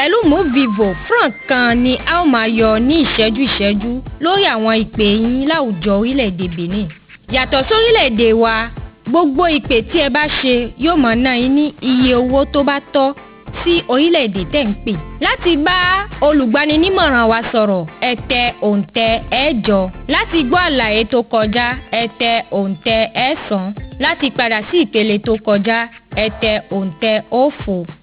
Pẹ̀lú MóveVivo, franc kan ni a ó máa yọ ní ìṣẹ́jú-ìṣẹ́jú lórí àwọn ìpè yín láwùjọ orílẹ̀-èdè Benin. Yàtọ̀ sórílẹ̀-èdè wa, gbogbo ìpè tí ẹ bá ṣe yóò máa ná yín ní iye owó tó bá tọ́ sí orílẹ̀-èdè tẹ̀ ń pè. Láti bá olùgbaninímọ̀ràn wa sọ̀rọ̀, ẹ tẹ òǹtẹ̀ ẹ̀jọ. Láti gbọ́ àlàyé tó kọjá, ẹ tẹ òǹtẹ̀ ẹ̀sán. Láti padà sí ìpele tó kọjá, ẹ tẹ òǹtẹ̀ òfo.